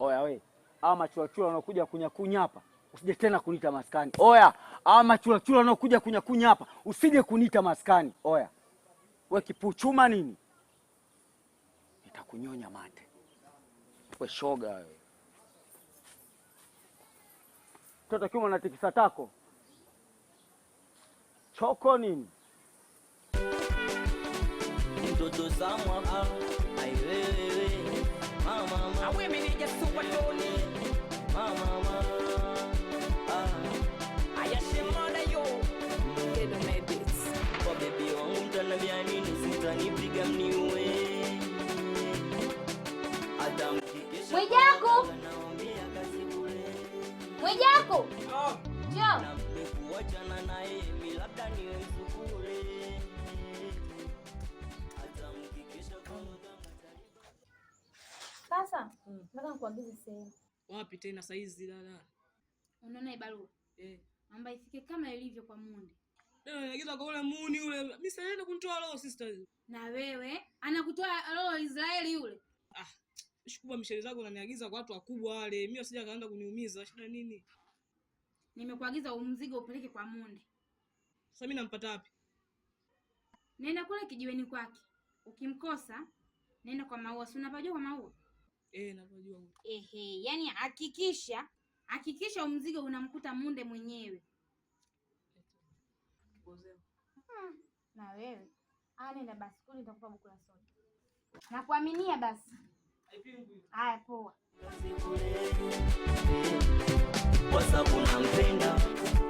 Oya we, hawa machulachula wanaokuja kunyakunya hapa usije tena kuniita maskani. Oya, hawa machulachula wanaokuja kunyakunya hapa usije kuniita maskani. Oya we, kipuchuma nini, nitakunyonya mate we, shoga we, mtoto kiuma na tikisa tako choko nini mtoto samwa aiwewe Sasa mm. nataka nikuagize sehemu. Wapi tena saizi dada? Unaona ibarua eh, ifike kama ilivyo kwa mundi eh, kwa ule muni ule, roho sister. Na wewe anakutoa roho Israeli yule. Ah, zako unaniagiza kwa watu wakubwa wale, kuniumiza. Shida nini? Nimekuagiza umzigo upeleke kwa mundi sasa mimi nampata wapi? Nenda kule kijiweni kwake, ukimkosa nenda kwa Maua. Si unapajua kwa Maua? Eh, napajua. Ehe, yani hakikisha hakikisha umzigo unamkuta munde mwenyewe. Hmm, na wewe nenda basi kule, nitakupa buku la soda. Nakuaminia basi. Haya, poa. Kwa sababu nampenda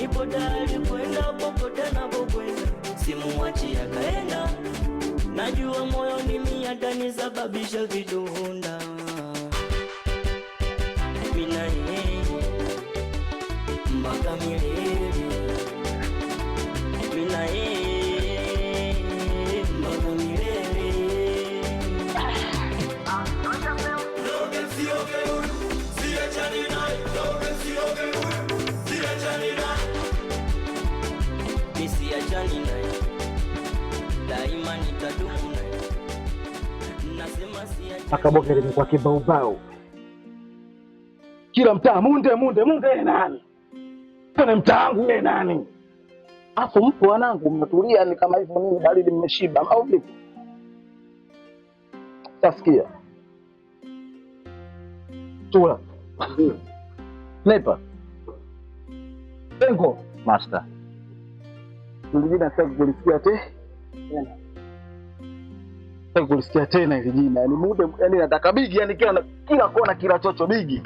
Nipo tayari kwenda popote anapokwenda, simuwachi akaenda. Najua moyoni mimi atanisababisha vidonda mina yeye mpaka milele nishani naye, daima nitadumu naye. Nasema si kibaubau, kila mtaa munde munde munde. nani kana mtaa wangu? Yeye nani? Afu mpo wanangu, mmetulia ni kama hivyo nini, baridi mmeshiba au vipi? Tasikia tula nepa bengo master Nilijina sitaki kulisikia tena. Sitaki kulisikia tena hili jina. Yaani muda yaani nataka bigi yaani kila kila kona kila chocho bigi.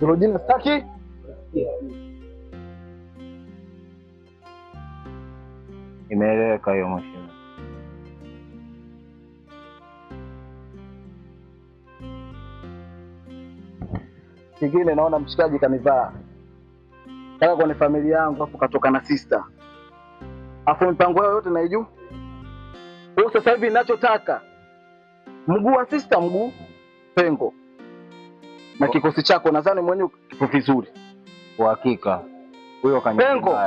Allah. jina sitaki Imeeleweka hiyo mheshimiwa. Kingine naona mshikaji kanivaa. Kaka kwenye familia yangu hapo katoka na sister afu mipango yao yote naijua. Kwa hiyo sasa hivi ninachotaka mguu wa sista, mguu pengo na kikosi chako, nadhani mwenyewe kipo vizuri kwa hakika. Huyo pengo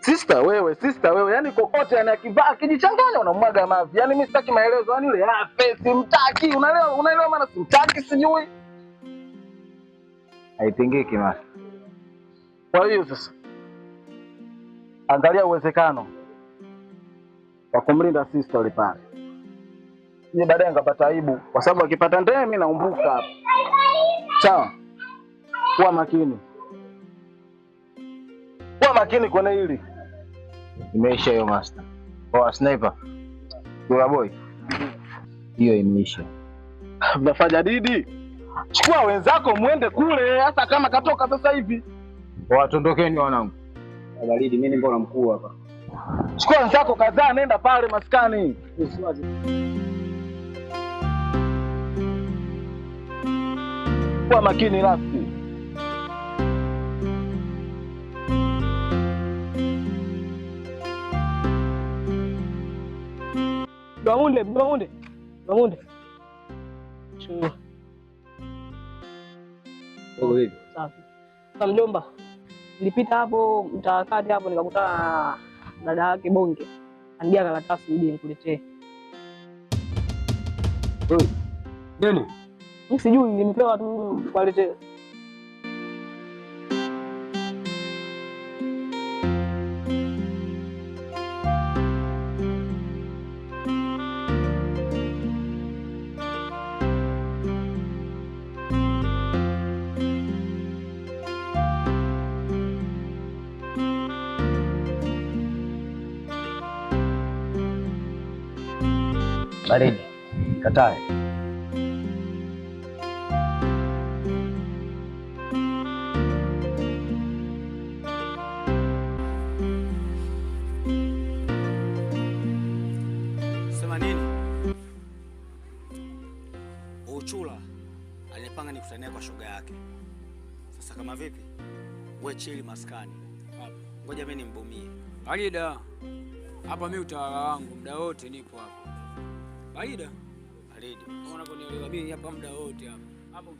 sista, wewe sista, wewe yani kokote anakivaa yaani akijichanganya, unamwaga mavi. Yani mimi sitaki maelezo, yani yule afe, ah, simtaki. Unaelewa? Unaelewa maana simtaki, sijui haipingiki. Kwa hiyo sasa angalia uwezekano wa kumlinda sista yule pale, ni baadaye ngapata aibu, kwa sababu akipata ndee mimi naumbuka hapa. Sawa, kuwa makini, kuwa makini kwenye hili. Imeisha hiyo master. Oh, sniper. Kula boy. Hiyo imeisha. Mnafanya didi, chukua wenzako mwende kule, hata kama katoka sasa hivi. Watondokeni wanangu na baridi. Mimi mbona mkuu hapa? Chukua zako kadhaa, nenda pale maskani. Kwa makini rafiki. Bamunde, bamunde, bamunde. Safi. Mjomba nilipita hapo mtaakati hapo nikakutana na dada yake Bonge, anigia karatasi nije nikuletee. Nini? Sijui nilipewa tu kuletee. baridi, katae. Sema nini? Uchula alipanga nikutania kwa shoga yake. Sasa kama vipi? We chili maskani hapa, ngoja mimi nimbumie Alida hapa. mi utawala wangu muda wote nipo hapa. Aida, Aida, unanielewa mimi hapa muda wote hapa. Hapo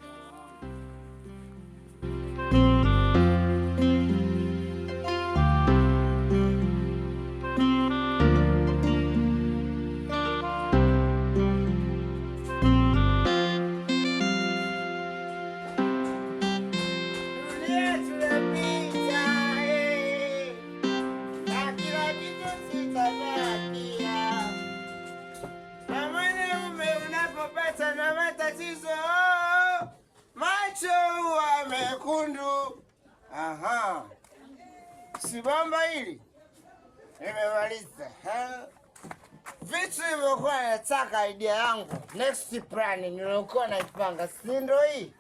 niliokuwa nataka idea yangu next plan niliokuwa naipanga, si ndio hii?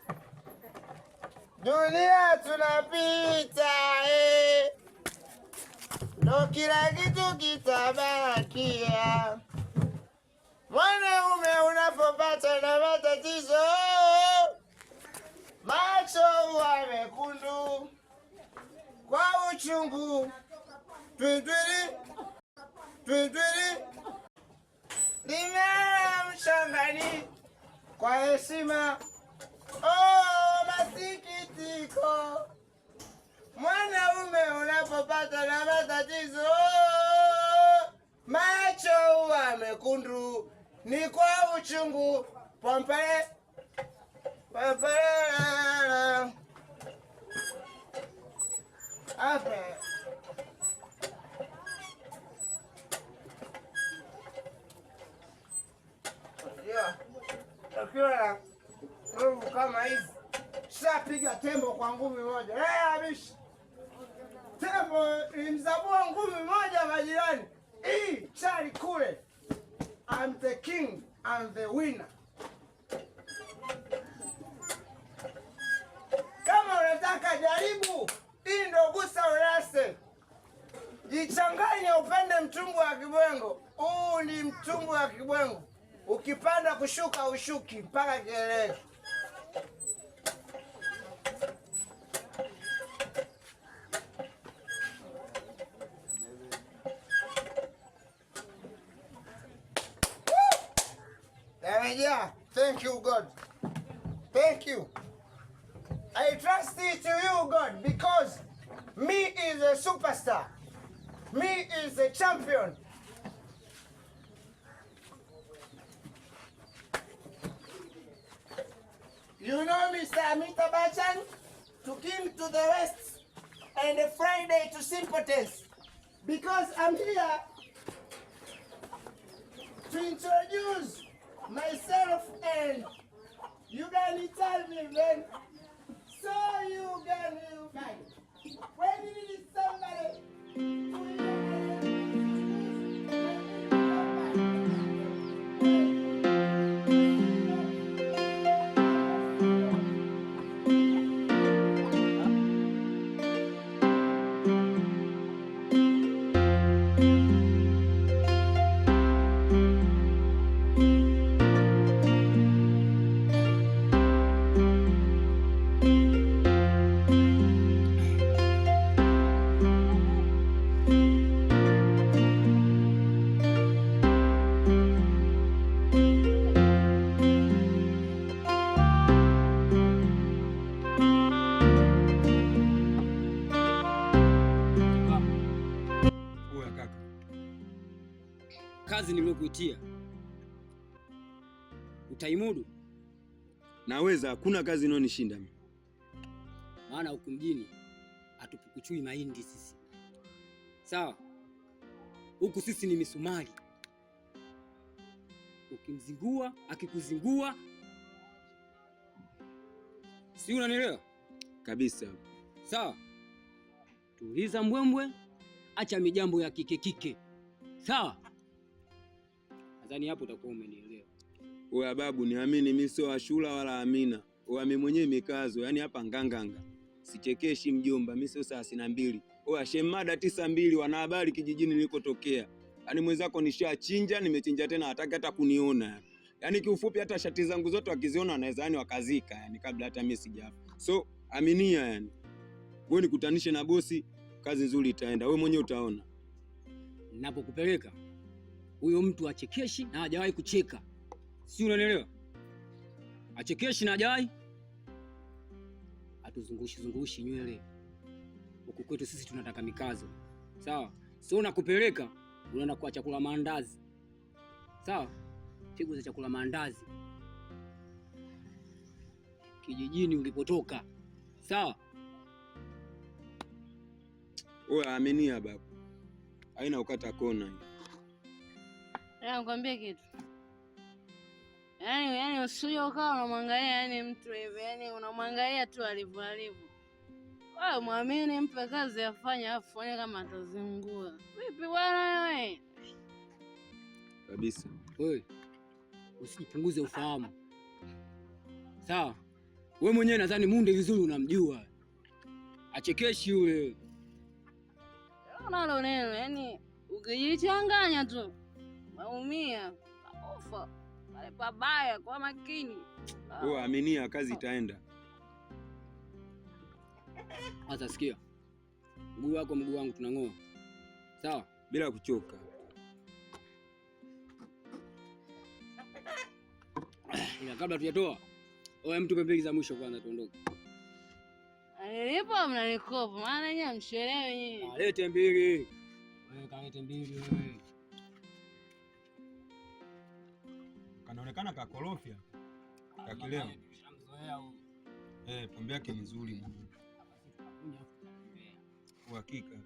Dunia tunapita eh, ndo kila kitu kitabakia. Mwanaume unapopata na matatizo, macho huwa mekundu kwa uchungu, twitwiri twitwiri kwa heshima. Oh, masikitiko, mwanaume unapopata na matatizo macho huwa mekundu, ni kwa uchungu pompele pompele hapa mpira nguvu kama hizi, shapiga tembo kwa ngumi moja. Hey, eh, Abishi, tembo imzabua ngumi moja majirani. Hii chali kule, I'm the king, and the winner. Kama unataka jaribu hii, ndo gusa urase, jichanganye upende mtumbu wa kibwengo. Huu ni mtumbu wa kibwengo ukipanda kushuka ushuki mpaka kelele. Yeah, thank you God. Thank you. I trust it to you God because me is a superstar. Me is a champion. You know, Mr. Amitabh Bachchan took him to the West and a Friday to sympathize. because I'm here to introduce myself and you can tell me when kuitia utaimudu? Naweza, hakuna kazi inayonishinda mimi, maana huku mjini hatupukuchui mahindi sisi. Sawa, huku sisi ni misumari, ukimzingua akikuzingua, si unanielewa kabisa? Sawa, tuliza mbwembwe, acha mijambo ya kike kike, sawa Nadhani hapo utakuwa umenielewa. Wewe babu, niamini mimi sio Ashura wala Amina. Wewe mimi mwenyewe mikazo, yani hapa nganganga. Sichekeshi mjomba, mimi sio saa sina mbili. Oya shemada tisa mbili, wanahabari kijijini nilikotokea. Yaani mwenzako nishachinja, nimechinja tena hataki hata kuniona. Yaani kiufupi hata shati zangu zote wakiziona wanaweza yani wakazika yani kabla hata mimi sijafa. So aminia yani. Wewe nikutanishe na bosi, kazi nzuri itaenda. Wewe mwenyewe utaona. Napokupeleka huyo mtu achekeshi na hajawahi kucheka, si unanielewa? Achekeshi na hajawahi atuzungushi zungushi nywele. Huku kwetu sisi tunataka mikazo, sawa? Sio nakupeleka unaenda kwa chakula maandazi, sawa? Pigo za chakula maandazi kijijini ulipotoka, sawa? Wewe aminia babu, haina ukata kona Nikwambie kitu yaani, yaani usije ukawa unamwangalia yaani mtu hivi yaani unamwangalia tu alivyo alivyo. Wewe mwamini, mpe kazi afanya, afu kama atazingua. Vipi bwana wewe? Kabisa. Wewe usijipunguze ufahamu, sawa? Wewe mwenyewe nadhani Munde vizuri unamjua, achekeshi yule. Unalo neno yaani ukijichanganya tu Naumia, nakufa pale pabaya, kwa makini. Ah. Wewe aminia kazi itaenda. Sasa sikia, mguu wako mguu wangu tunang'oa, sawa? Bila kuchoka. Ila kabla tujatoa, oe mtu mbili za mwisho kwanza, tuondoke. Nilipo mnanikopa, maana nyinyi mshelewe nyinyi. Alete mbili. Wewe kalete mbili wewe. kaonekana kakorofya ah, kileo. Eh, pombe yake ni nzuri uhakika.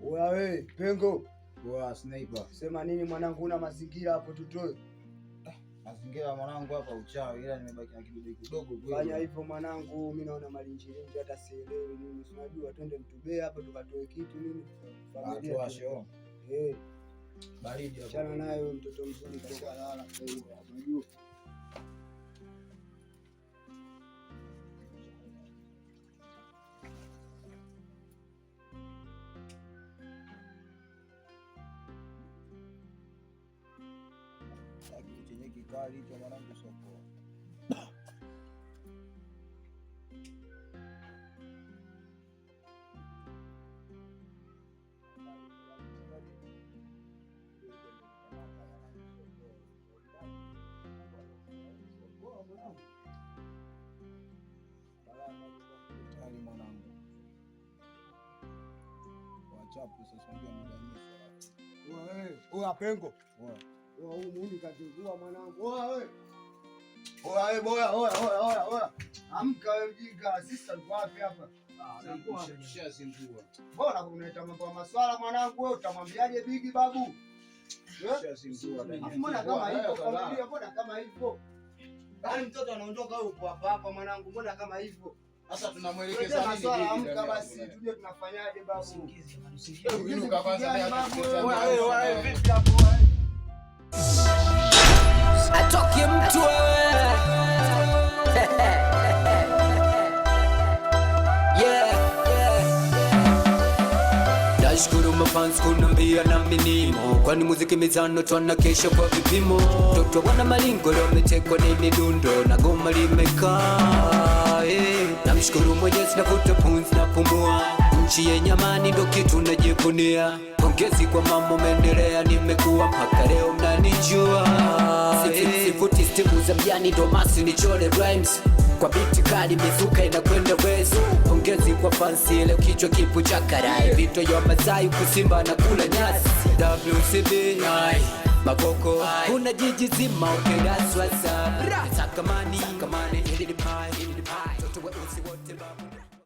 Wewe pengo, oya sniper, sema nini mwanangu, una mazingira hapo tutoe mazingira mwanangu, hapa uchawi, ila nimebaki na kidogo kidogo. Fanya hivyo mwanangu, mimi naona malinjilinji, hata sielewi nini. Unajua twende mtubee hapa tukatoe kitu nini, familia eh. baridi, Chana nayo, mtoto mzuri. Unajua kikali hicho mwanangu, sokoa tayari mwanangu, wachapu sasa, unajua mdanyisha huyo pengo Muuni kazingua mwanangu. Oa we. Oa we eh, boya, oa oa oa oa. Amka we mjinga, assistant uko wapi hapa? Ah, Nishazingua. Mbona unaita mambo ya maswala mwanangu wewe, utamwambiaje bigi babu? Nishazingua. Eh? Mbona kama hivyo familia, mbona kama hivyo? Bali yaani mtoto anaondoka wewe uko hapa mwanangu, mbona kama hivyo? Sasa tunamwelekeza nini Amka basi tujue tunafanyaje babu. Usingize. Usingize kwanza. Oa vipi hapo? Atoki mtu wewe. Yeah. Nashukuru kunambia na minimo, kwani muziki mizano twana kesha kwa vipimo. Toto wana malingo leo wametekwa na midundo na goma limekaa. Namshukuru Mwenyezi na pumzi na pumua nchi yenye amani ndo kitu najivunia. Pongezi kwa mambo mendelea, nimekuwa mpaka leo mnanijua. Sifuti eh. stimu za mjani ndo masi chole rhymes kwa biti kali, mizuka inakwenda wezu. Pongezi kwa fansi ile kichwa kipu cha karai, vito ya Masai kusimba na kula nyasi. WCB Makoko kuna jiji zima ukedaswasa takamani